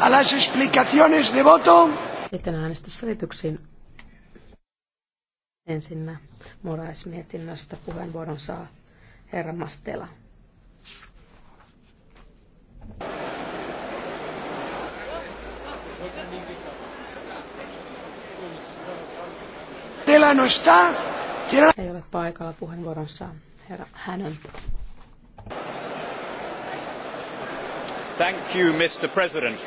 a las explicaciones de voto. Sitten äänestysselityksiin. Ensinnä morais puheenvuoron saa herra Mastela. Tela no Ei ole paikalla puheenvuoronsa herra Hänön. Thank you, Mr. President.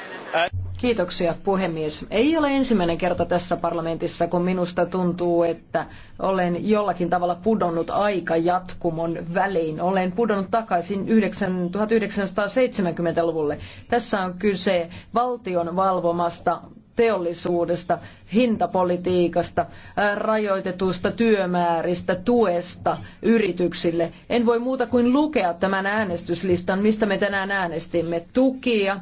Kiitoksia puhemies. Ei ole ensimmäinen kerta tässä parlamentissa, kun minusta tuntuu, että olen jollakin tavalla pudonnut aika jatkumon väliin. Olen pudonnut takaisin 1970-luvulle. Tässä on kyse valtion valvomasta teollisuudesta, hintapolitiikasta, rajoitetusta työmääristä, tuesta yrityksille. En voi muuta kuin lukea tämän äänestyslistan, mistä me tänään äänestimme. Tukia,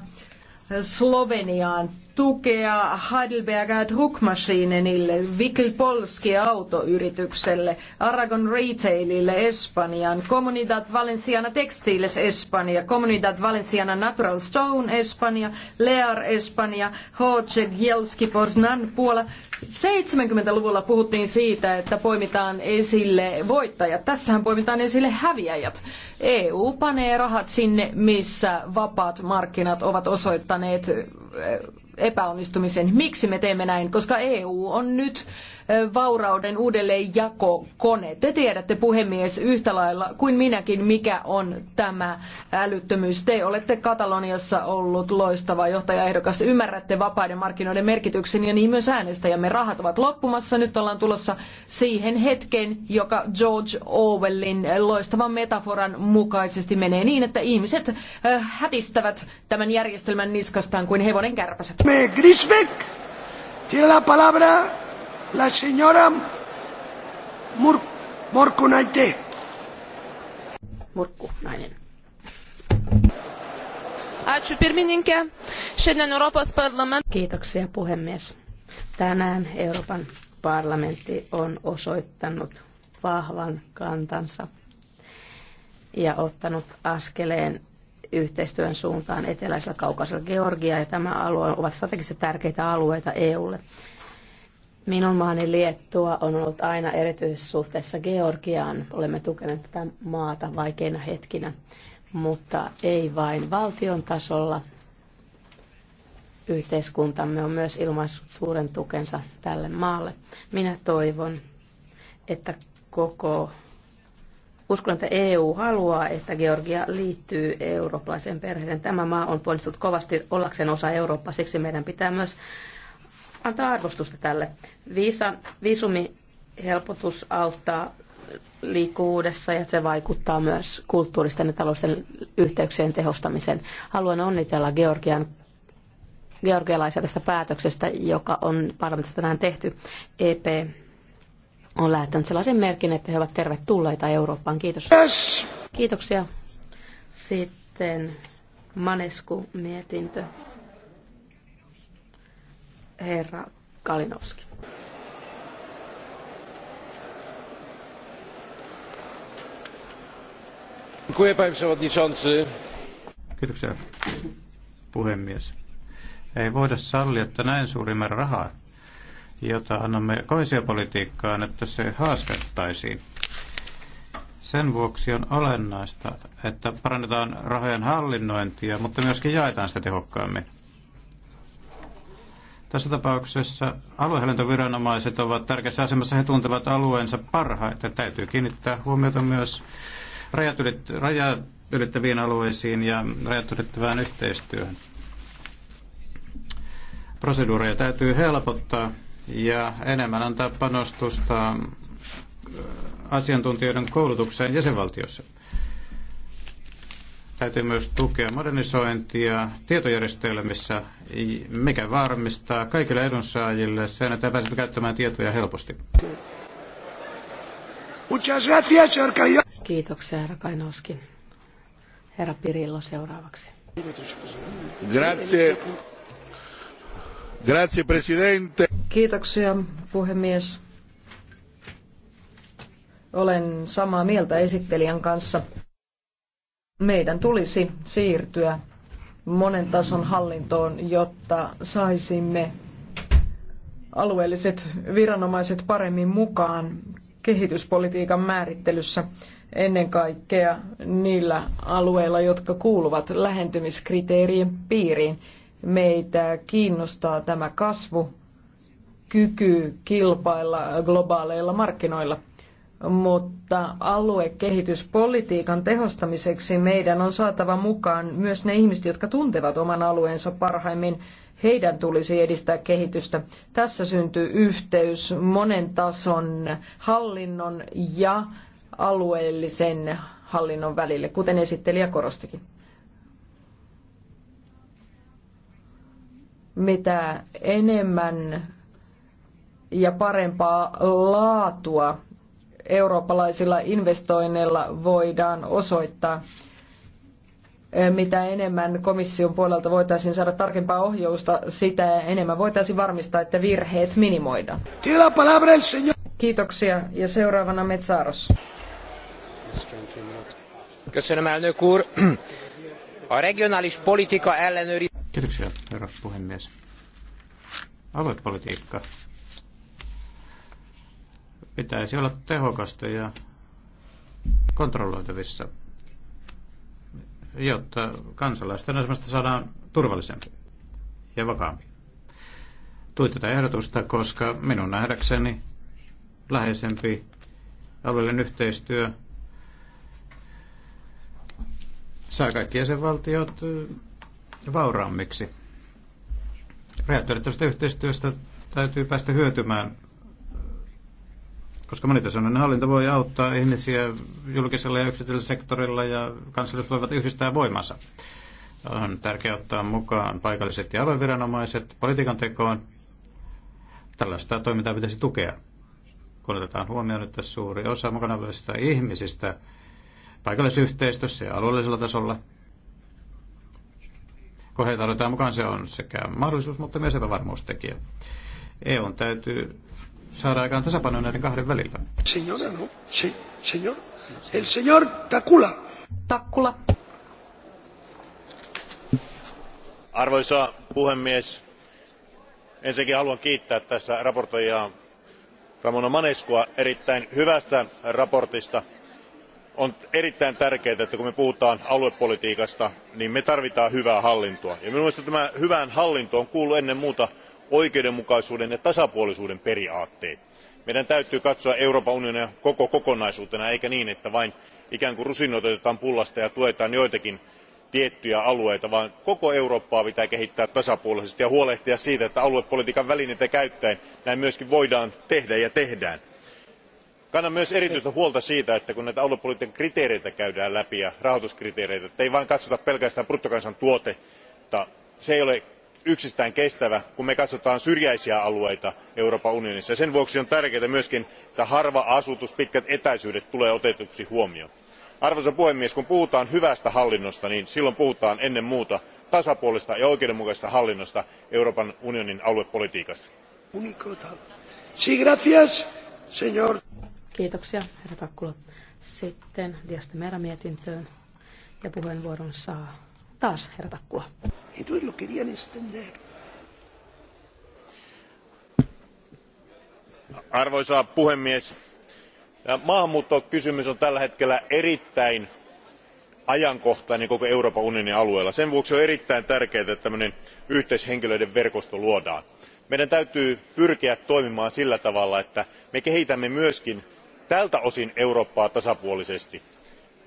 Sloveniaan tukea Heidelberger Druckmaschinenille, Wickel Polski autoyritykselle, Aragon Retailille Espanjan, Comunidad Valenciana Textiles Espanja, Comunidad Valenciana Natural Stone Espanja, Lear Espanja, Hoce Gielski Poznan Puola. 70-luvulla puhuttiin siitä, että poimitaan esille voittajat. Tässähän poimitaan esille häviäjät. EU panee rahat sinne, missä vapaat markkinat ovat osoittaneet epäonnistumisen. Miksi me teemme näin? Koska EU on nyt vaurauden uudelleenjakokone. Te tiedätte puhemies yhtä lailla kuin minäkin, mikä on tämä älyttömyys. Te olette Kataloniassa ollut loistava johtajaehdokas. Ymmärrätte vapaiden markkinoiden merkityksen ja niin myös äänestäjämme. Rahat ovat loppumassa. Nyt ollaan tulossa siihen hetkeen, joka George Orwellin loistavan metaforan mukaisesti menee niin, että ihmiset hätistävät tämän järjestelmän niskastaan kuin hevonen kärpäset. Me Grisbeck, tiene la palabra La señora Mur Ačiū pirmininkė. Šiandien Europos parlament... Kiitoksia puhemies. Tänään Euroopan parlamentti on osoittanut vahvan kantansa ja ottanut askeleen yhteistyön suuntaan eteläisellä kaukaisella Georgia ja tämä alue ovat strategisesti tärkeitä alueita EUlle. Minun maani Liettua on ollut aina erityissuhteessa Georgiaan. Olemme tukeneet tätä maata vaikeina hetkinä, mutta ei vain valtion tasolla. Yhteiskuntamme on myös ilmaissut suuren tukensa tälle maalle. Minä toivon, että koko Uskon, että EU haluaa, että Georgia liittyy eurooppalaisen perheeseen. Tämä maa on ponnistunut kovasti ollakseen osa Eurooppaa, siksi meidän pitää myös antaa arvostusta tälle. visumi helpotus auttaa liikkuvuudessa ja se vaikuttaa myös kulttuuristen ja talousten yhteyksien tehostamiseen. Haluan onnitella Georgian georgialaisia tästä päätöksestä, joka on parlamentista tänään tehty. EP on lähettänyt sellaisen merkin, että he ovat tervetulleita Eurooppaan. Kiitos. Yes. Kiitoksia. Sitten Manesku-mietintö herra Kalinowski. panie przewodniczący! Kiitoksia, puhemies. Ei voida sallia, että näin suuri määrä rahaa, jota annamme koesiopolitiikkaan, että se haaskattaisiin. Sen vuoksi on olennaista, että parannetaan rahojen hallinnointia, mutta myöskin jaetaan sitä tehokkaammin. Tässä tapauksessa aluehallintoviranomaiset ovat tärkeässä asemassa, he tuntevat alueensa parhaiten. Täytyy kiinnittää huomiota myös rajat, rajat ylittäviin alueisiin ja rajat ylittävään yhteistyöhön. Proseduureja täytyy helpottaa ja enemmän antaa panostusta äh, asiantuntijoiden koulutukseen jäsenvaltiossa. Täytyy myös tukea modernisointia tietojärjestelmissä, mikä varmistaa kaikille edunsaajille sen, että pääsevät käyttämään tietoja helposti. Kiitoksia, herra Kainowski. Herra Pirillo seuraavaksi. Grazie. Grazie, presidente. Kiitoksia, puhemies. Olen samaa mieltä esittelijän kanssa meidän tulisi siirtyä monen tason hallintoon, jotta saisimme alueelliset viranomaiset paremmin mukaan kehityspolitiikan määrittelyssä ennen kaikkea niillä alueilla, jotka kuuluvat lähentymiskriteerien piiriin. Meitä kiinnostaa tämä kasvu, kyky kilpailla globaaleilla markkinoilla mutta aluekehityspolitiikan tehostamiseksi meidän on saatava mukaan myös ne ihmiset, jotka tuntevat oman alueensa parhaimmin. Heidän tulisi edistää kehitystä. Tässä syntyy yhteys monen tason hallinnon ja alueellisen hallinnon välille, kuten esittelijä korostikin. Mitä enemmän ja parempaa laatua eurooppalaisilla investoinneilla voidaan osoittaa. Eh, mitä enemmän komission puolelta voitaisiin saada tarkempaa ohjausta, sitä enemmän voitaisiin varmistaa, että virheet minimoidaan. Kiitoksia ja seuraavana Metsaros. Köszönöm, elnök úr. A regionális politika ellenőri... Kiitoksia, herra puhemies. Aluepolitiikka pitäisi olla tehokasta ja kontrolloitavissa, jotta kansalaisten asemasta saadaan turvallisempi ja vakaampi. Tuin tätä ehdotusta, koska minun nähdäkseni läheisempi alueellinen yhteistyö saa kaikki jäsenvaltiot eh, vauraammiksi. Rajatyödettävästä yhteistyöstä täytyy päästä hyötymään koska monitasoinen hallinto voi auttaa ihmisiä julkisella ja yksityisellä sektorilla ja kansalaiset voivat yhdistää voimansa. On tärkeää ottaa mukaan paikalliset ja alueviranomaiset politiikan tekoon. Tällaista toimintaa pitäisi tukea, kun otetaan huomioon, että suuri osa mukana olevista ihmisistä paikallisyhteistössä ja alueellisella tasolla kun heitä mukaan, se on sekä mahdollisuus, mutta myös epävarmuustekijä. EUn täytyy saada aikaan tasapaino näiden kahden välillä. Señora, no. Se, señor. El señor Takula. Takula. Arvoisa puhemies, ensinnäkin haluan kiittää tässä raportoijaa ramona Maneskoa erittäin hyvästä raportista. on erittäin tärkeää että kun me puhutaan aluepolitiikasta niin me tarvitaan hyvää hallintoa ja mielestä tämä hyvään hallintoon kuuluu ennen muuta oikeudenmukaisuuden ja tasapuolisuuden periaatteet. meidän täytyy katsoa euroopan unionia koko kokonaisuutena eikä niin että vain ikään kuin rusinoita otetaan pullasta ja tuetaan joitakin tiettyjä alueita vaan koko eurooppaa pitää kehittää tasapuolisesti ja huolehtia siitä että aluepolitiikan välineitä käyttäen näin myös voidaan tehdä ja tehdään. kannan myös erityistä huolta siitä että kun näitä aluepolitiikan kriteereitä käydään läpi ja rahoituskriteereitä ettei vain katsota pelkästään bruttokansantuotetta. se ei ole yksistään kestävä kun me katsomme syrjäisiä alueita euroopan unionissa ja sen vuoksi on tärkeää myös että harva asutus ja pitkät etäisyydet tulee otetuksi huomioon. kun puhutaan hyvästä hallinnosta niin silloin puhutaan ennen muuta tasapuolisesta ja oikeudenmukaisesta hallinnosta euroopan unionin aluepolitiikassa. Taas, herra Takkula. Entonces lo querían extender. Arvoisa puhemies, maahanmuuttokysymys on tällä hetkellä erittäin ajankohtainen koko euroopan unionin alueella. sen vuoksi on erittäin tärkeää että tämmöinen yhteishenkilöiden verkosto luodaan. meidän täytyy pyrkiä toimimaan sillä tavalla että me kehitämme myöskin tältä osin eurooppaa tasapuolisesti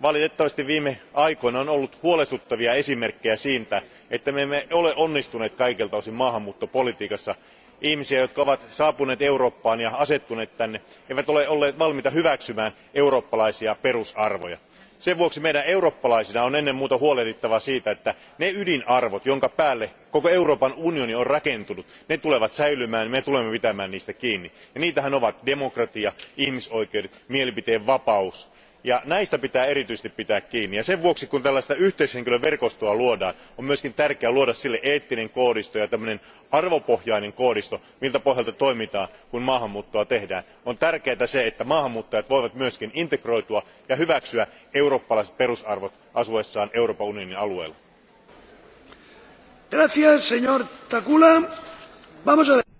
valitettavasti viime aikoina on ollut huolestuttavia esimerkkejä siitä että me emme ole onnistuneet kaikilta osin maahanmuuttopolitiikassa. ihmiset jotka ovat saapuneet eurooppaan ja asettuneet tänne eivät ole olleet valmiita hyväksymään eurooppalaisia perusarvoja. sen vuoksi meidän eurooppalaisina on ennen muuta huolehdittava siitä että ne ydinarvot joiden päälle koko euroopan unioni on rakentunut tulevat säilymään ja me tulemme pitämään niistä kiinni ja niitähän ovat demokratia ihmisoikeudet mielipiteenvapaus ja näistä pitää erityisesti pitää kiinni ja sen vuoksi kun tällaista yhteyshenkilöverkostoa luodaan on myös tärkeää luoda sille eettinen koodisto ja arvopohjainen koodisto miltä pohjalta toimitaan kun maahanmuuttoa tehdään. on tärkeää se että maahanmuuttajat voivat myös integroitua ja hyväksyä eurooppalaiset perusarvot asuessaan euroopan unionin alueella.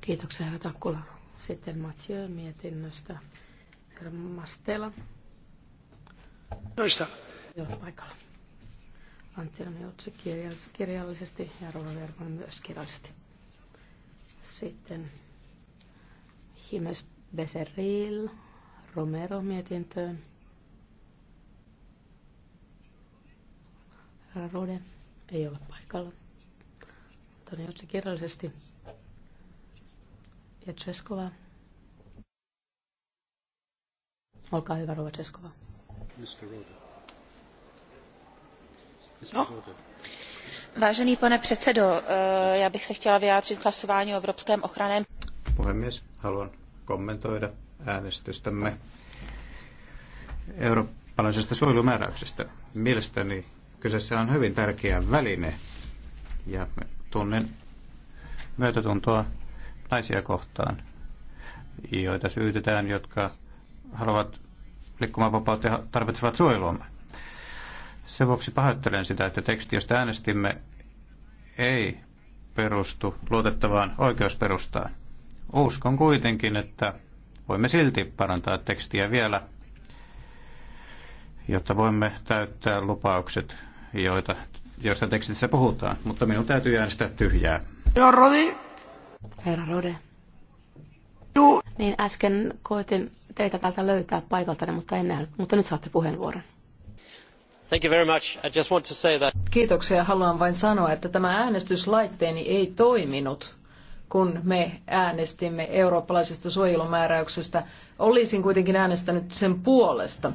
Kiitoksia, herra Sitten mietinnöstä. Mastela paikalla. Antti ja myös Sitten Himes, Becerril, Romero mietintöön. Rode ei ole paikalla. Todennäköisesti kirjallisesti. Ja Cheskova. Olkaa hyvä, Rova Cheskova. No. Vážený pane předsedo, eh, já bych se chtěla vyjádřit k hlasování o Evropském ochraném... Puhemies, haluan kommentoida äänestystämme eurooppalaisesta suojelumääräyksestä. Mielestäni kyseessä on hyvin tärkeä väline ja tunnen myötätuntoa naisia kohtaan, joita syytetään, jotka haluavat liikkumavapautta tarvitsevat suojelua. Sen vuoksi pahoittelen sitä, että teksti, josta äänestimme, ei perustu luotettavaan oikeusperustaan. Uskon kuitenkin, että voimme silti parantaa tekstiä vielä, jotta voimme täyttää lupaukset, joita, joista tekstissä puhutaan. Mutta minun täytyy äänestää tyhjää. Herra Rode. Herra Rode. Niin äsken koitin teitä täältä löytää paikalta, mutta en nähnyt. Mutta nyt saatte puheenvuoron. Thank you very much. I just want to say that... Kiitoksia. Haluan vain sanoa, että tämä äänestyslaitteeni ei toiminut, kun me äänestimme eurooppalaisesta suojelumääräyksestä. Olisin kuitenkin äänestänyt sen puolesta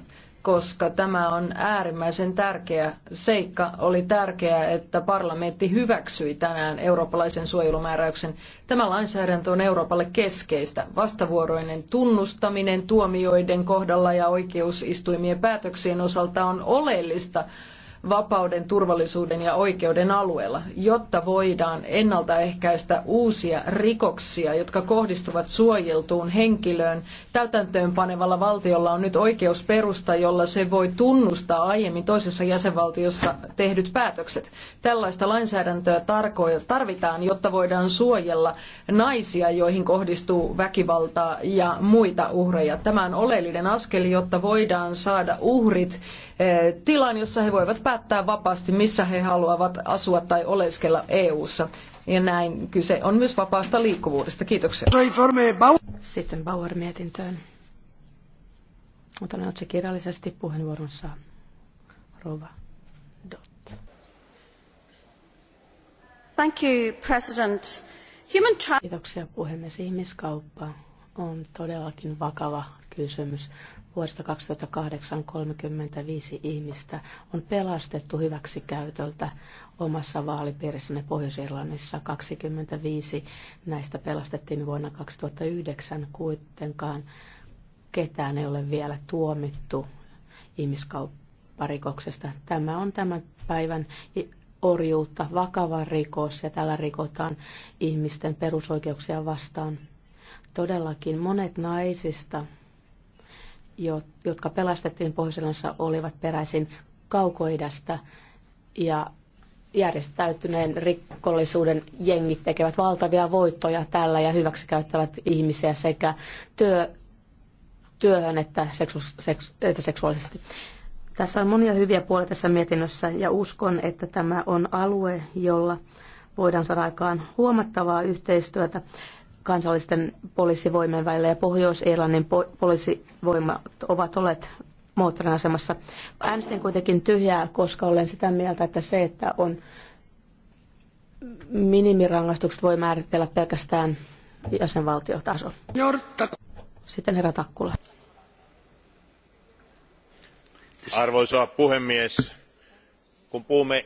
koska tämä on äärimmäisen tärkeä seikka. Oli tärkeää, että parlamentti hyväksyi tänään eurooppalaisen suojelumääräyksen. Tämä lainsäädäntö on Euroopalle keskeistä. Vastavuoroinen tunnustaminen tuomioiden kohdalla ja oikeusistuimien päätöksien osalta on oleellista vapauden, turvallisuuden ja oikeuden alueella, jotta voidaan ennaltaehkäistä uusia rikoksia, jotka kohdistuvat suojeltuun henkilöön. Täytäntöönpanevalla valtiolla on nyt oikeusperusta, jolla se voi tunnustaa aiemmin toisessa jäsenvaltiossa tehdyt päätökset. Tällaista lainsäädäntöä tarvitaan, jotta voidaan suojella naisia, joihin kohdistuu väkivaltaa ja muita uhreja. Tämä on oleellinen askel, jotta voidaan saada uhrit eh, tilaan, jossa he voivat päättää päättää vapaasti, missä he haluavat asua tai oleskella EU-ssa. Ja näin kyse on myös vapaasta liikkuvuudesta. Kiitoksia. Sitten Bauer-mietintöön. Otan otse kirjallisesti puheenvuoron saa. Rova Dot. Thank you, President. Human tra- Kiitoksia puhemies. Ihmiskauppa on todellakin vakava kysymys. Vuodesta 2008 35 ihmistä on pelastettu hyväksikäytöltä omassa vaalipiirissäni Pohjois-Irlannissa. 25 näistä pelastettiin vuonna 2009 kuitenkaan. Ketään ei ole vielä tuomittu ihmiskaupparikoksesta. Tämä on tämän päivän orjuutta, vakava rikos ja tällä rikotaan ihmisten perusoikeuksia vastaan. Todellakin monet naisista jotka pelastettiin pohjois olivat peräisin kaukoidasta ja järjestäytyneen rikollisuuden jengit tekevät valtavia voittoja tällä ja hyväksikäyttävät ihmisiä sekä työ, työhön että, seksu, seksu, että seksuaalisesti. Tässä on monia hyviä puolia tässä mietinnössä ja uskon, että tämä on alue, jolla voidaan saada aikaan huomattavaa yhteistyötä kansallisten poliisivoimien välillä ja Pohjois-Irlannin poliisivoimat ovat olleet moottorin asemassa. Äänestin kuitenkin tyhjää, koska olen sitä mieltä, että se, että on minimirangaistukset voi määritellä pelkästään jäsenvaltiotaso. Sitten herra Takkula. Arvoisa puhemies, kun puhumme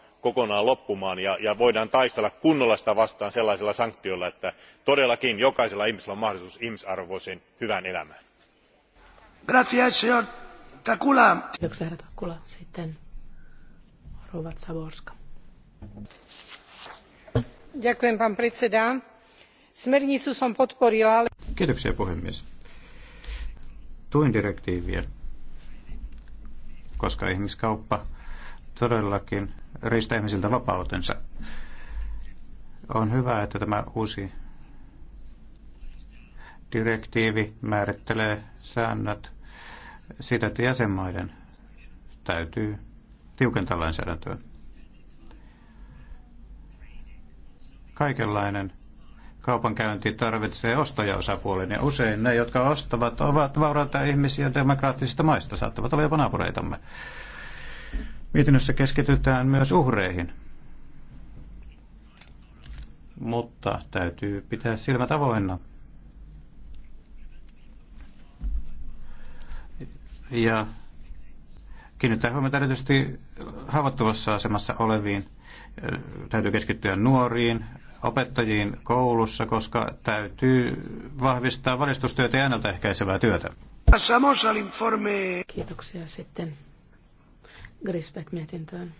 kokonaan loppumaan ja voidaan taistella kunnolla sitä vastaan sellaisilla sanktioilla että todellakin jokaisella ihmisellä on mahdollisuus ihmisarvoiseen hyvään elämään. smernicu som podporila ale. Kiitoksia puhemies. Tuin direktiiviä, koska ihmiskauppa todellakin riistä ihmisiltä vapautensa. On hyvä, että tämä uusi direktiivi määrittelee säännöt siitä, että jäsenmaiden täytyy tiukentaa lainsäädäntöä. Kaikenlainen kaupankäynti tarvitsee ostajaosapuolen ja usein ne, jotka ostavat, ovat vaurata ihmisiä demokraattisista maista, saattavat olla jopa naapureitamme. Mietinnössä keskitytään myös uhreihin, mutta täytyy pitää silmät avoinna. Ja kiinnittää huomiota erityisesti haavoittuvassa asemassa oleviin. Täytyy keskittyä nuoriin, opettajiin koulussa, koska täytyy vahvistaa valistustyötä ja ennaltaehkäisevää työtä. Kiitoksia sitten Grisbeck-mietintöön.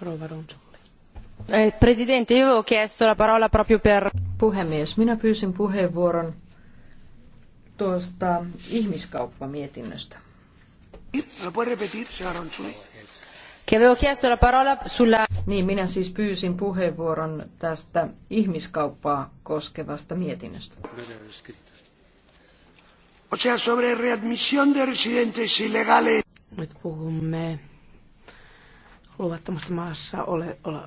Rova Ronsulli. Eh, io chiesto la parola proprio per... Puhemies, minä pyysin puheenvuoron tuosta ihmiskauppamietinnöstä. Che avevo chiesto la parola sulla... Niin, minä siis pyysin puheenvuoron tästä ihmiskauppaa koskevasta mietinnöstä. O sea, sobre readmisión de residentes ilegales. Nyt puhumme luvattomasta maassa ole, ole,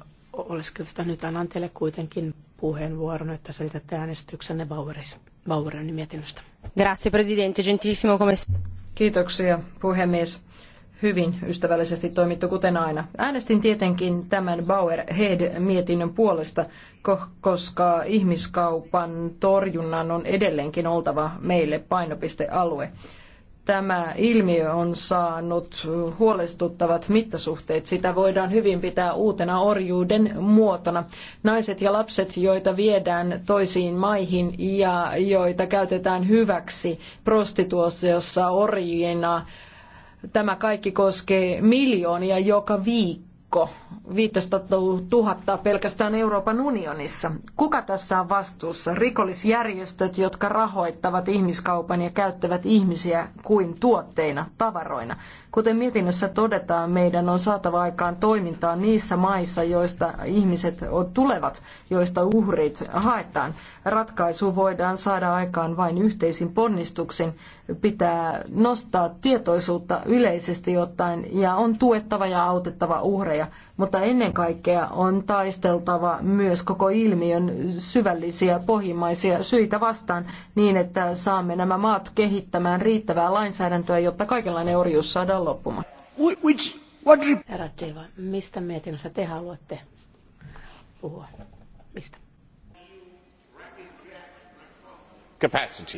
oleskelusta. Nyt annan teille kuitenkin puheenvuoron, että selitätte äänestyksenne Bauerin mietinnöstä. Grazie, presidente. Gentilissimo, come... Kiitoksia, puhemies hyvin ystävällisesti toimittu, kuten aina. Äänestin tietenkin tämän Bauer Head-mietinnön puolesta, koska ihmiskaupan torjunnan on edelleenkin oltava meille painopistealue. Tämä ilmiö on saanut huolestuttavat mittasuhteet. Sitä voidaan hyvin pitää uutena orjuuden muotona. Naiset ja lapset, joita viedään toisiin maihin ja joita käytetään hyväksi prostituossa orjina, Tämä kaikki koskee miljoonia joka viikko. 500 000 pelkästään Euroopan unionissa. Kuka tässä on vastuussa? Rikollisjärjestöt, jotka rahoittavat ihmiskaupan ja käyttävät ihmisiä kuin tuotteina, tavaroina. Kuten mietinnössä todetaan, meidän on saatava aikaan toimintaa niissä maissa, joista ihmiset tulevat, joista uhrit haetaan. Ratkaisu voidaan saada aikaan vain yhteisin ponnistuksin pitää nostaa tietoisuutta yleisesti ottaen ja on tuettava ja autettava uhreja, mutta ennen kaikkea on taisteltava myös koko ilmiön syvällisiä pohjimmaisia syitä vastaan niin, että saamme nämä maat kehittämään riittävää lainsäädäntöä, jotta kaikenlainen orjuus saadaan loppumaan. Which, what... Herra Deva, mistä mietinnössä te haluatte puhua? Mistä? Capacity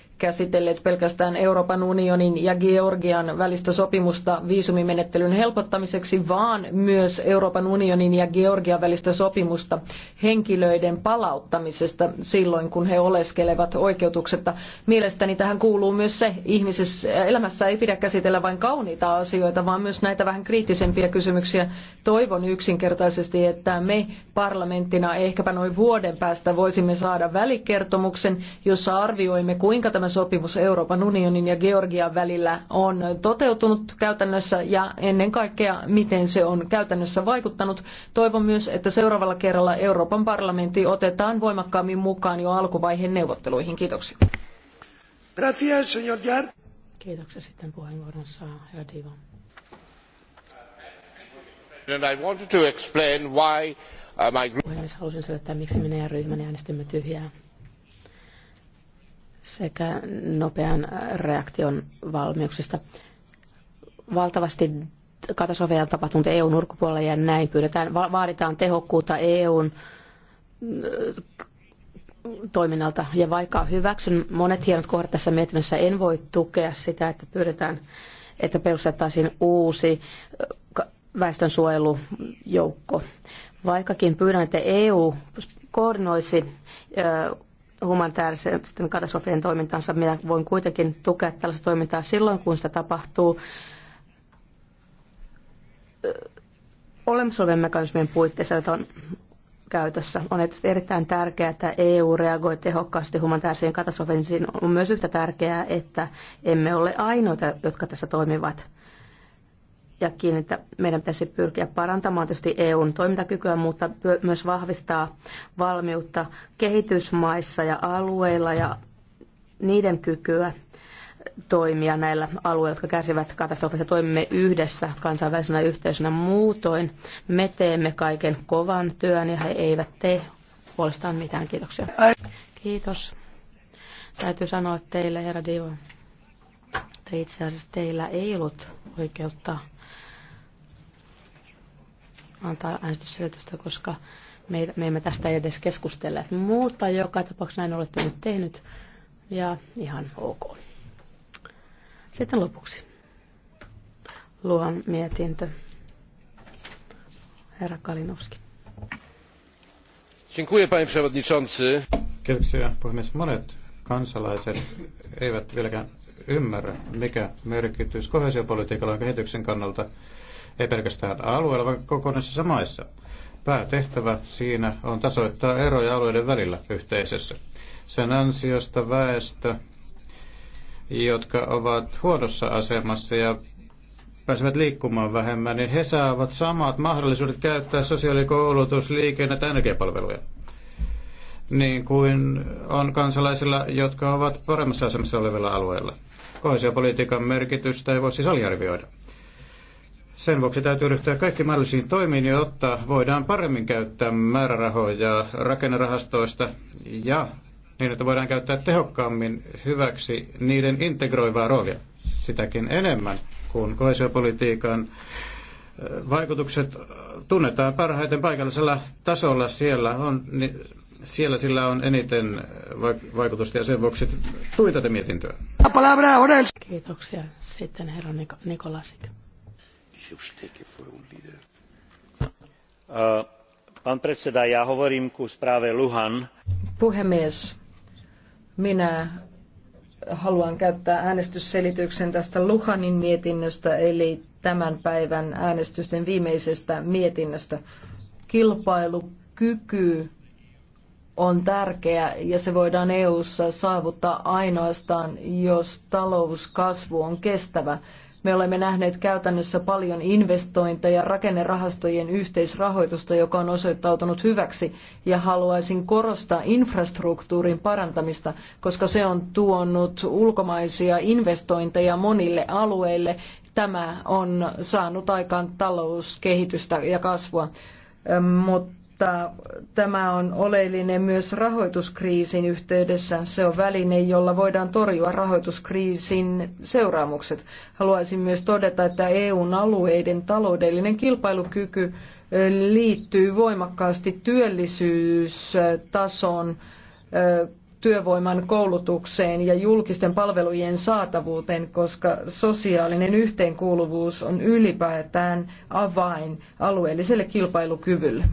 käsitelleet pelkästään Euroopan unionin ja Georgian välistä sopimusta viisumimenettelyn helpottamiseksi, vaan myös Euroopan unionin ja Georgian välistä sopimusta henkilöiden palauttamisesta silloin, kun he oleskelevat oikeutuksetta. Mielestäni tähän kuuluu myös se, ihmisessä elämässä ei pidä käsitellä vain kauniita asioita, vaan myös näitä vähän kriittisempiä kysymyksiä. Toivon yksinkertaisesti, että me parlamenttina ehkäpä noin vuoden päästä voisimme saada välikertomuksen, jossa arvioimme, kuinka tämä sopimus Euroopan unionin ja Georgian välillä on toteutunut käytännössä ja ennen kaikkea miten se on käytännössä vaikuttanut. Toivon myös, että seuraavalla kerralla Euroopan parlamentti otetaan voimakkaammin mukaan jo alkuvaiheen neuvotteluihin. Kiitoksia. Gracias, señor Jar. Kiitoksia sitten puheenvuoron saa herra Diva. I wanted to explain why uh, my group... Puhemies, halusin selittää, miksi minä ja ryhmäni äänestimme tyhjää sekä nopean reaktion valmiuksista. Valtavasti katastrofeja tapahtunut EUn urkupuolella ja näin pyydetään, vaaditaan tehokkuutta EUn mm, toiminnalta. Ja vaikka hyväksyn monet hienot kohdat tässä mietinnössä, en voi tukea sitä, että pyydetään, että perustettaisiin uusi väestönsuojelujoukko. Vaikkakin pyydän, että EU koordinoisi humanitaaristen katastrofien toimintansa. Minä voin kuitenkin tukea tällaista toimintaa silloin, kun sitä tapahtuu olemassa olevien mekanismien puitteissa, joita on käytössä. On tietysti erittäin tärkeää, että EU reagoi tehokkaasti humanitaarisiin katastrofeihin. on myös yhtä tärkeää, että emme ole ainoita, jotka tässä toimivat ja että meidän pitäisi pyrkiä parantamaan tietysti EUn toimintakykyä, mutta myös vahvistaa valmiutta kehitysmaissa ja alueilla ja niiden kykyä toimia näillä alueilla, jotka kärsivät katastrofista. Toimimme yhdessä kansainvälisenä yhteisönä muutoin. Me teemme kaiken kovan työn ja he eivät tee puolestaan mitään. Kiitoksia. Kiitos. Täytyy sanoa teille, herra Divo, että itse asiassa teillä ei ollut oikeutta antaa äänestysselitystä, koska me, me emme tästä edes keskustele. Mutta joka tapauksessa näin olette nyt tehnyt ja ihan ok. Sitten lopuksi. Luon mietintö. Herra Kalinowski. Dziękuję, panie przewodniczący. Kiitoksia, puhemies. Monet kansalaiset eivät vieläkään ymmärrä, mikä merkitys kohesiopolitiikalla on kehityksen kannalta ei pelkästään alueella, vaan kokonaisissa maissa. Päätehtävä siinä on tasoittaa eroja alueiden välillä yhteisössä. Sen ansiosta väestö, jotka ovat huonossa asemassa ja pääsevät liikkumaan vähemmän, niin he saavat samat mahdollisuudet käyttää sosiaalikoulutus, liikenne ja energiapalveluja niin kuin on kansalaisilla, jotka ovat paremmassa asemassa olevilla alueilla. Kohesiopolitiikan merkitystä ei voi siis aliarvioida. Sen vuoksi täytyy ryhtyä kaikki mahdollisiin toimiin, jotta voidaan paremmin käyttää määrärahoja rakennerahastoista ja niin, että voidaan käyttää tehokkaammin hyväksi niiden integroivaa roolia sitäkin enemmän, kun koesiopolitiikan vaikutukset tunnetaan parhaiten paikallisella tasolla. Siellä, on, niin siellä sillä on eniten vaikutusta ja sen vuoksi tuin tätä mietintöä. Kiitoksia. Sitten herra Nik- Nikolasik. Pán eh, predseda, ja hovorím ku správe Luhan. Puhemies, minä haluan käyttää äänestysselityksen tästä Luhanin mietinnöstä, eli tämän päivän äänestysten viimeisestä mietinnöstä. Kilpailukyky on tärkeä ja se voidaan EU:ssa saavuttaa ainoastaan, jos talouskasvu on kestävä me olemme nähneet käytännössä paljon investointeja, rakennerahastojen yhteisrahoitusta, joka on osoittautunut hyväksi, ja haluaisin korostaa infrastruktuurin parantamista, koska se on tuonut ulkomaisia investointeja monille alueille. Tämä on saanut aikaan talouskehitystä ja kasvua mutta mutta tämä on oleellinen myös rahoituskriisin yhteydessä. Se on väline, jolla voidaan torjua rahoituskriisin seuraamukset. Haluaisin myös todeta, että EUn alueiden taloudellinen kilpailukyky liittyy voimakkaasti työllisyystasoon työvoiman koulutukseen ja julkisten palvelujen saatavuuteen, koska sosiaalinen yhteenkuuluvuus on ylipäätään avain alueelliselle kilpailukyvylle.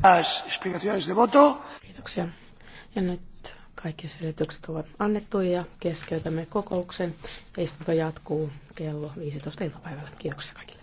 Kiitoksia. Ja nyt kaikki selitykset ovat annettu ja keskeytämme kokouksen. Istunto jatkuu kello 15 iltapäivällä. Kiitoksia kaikille.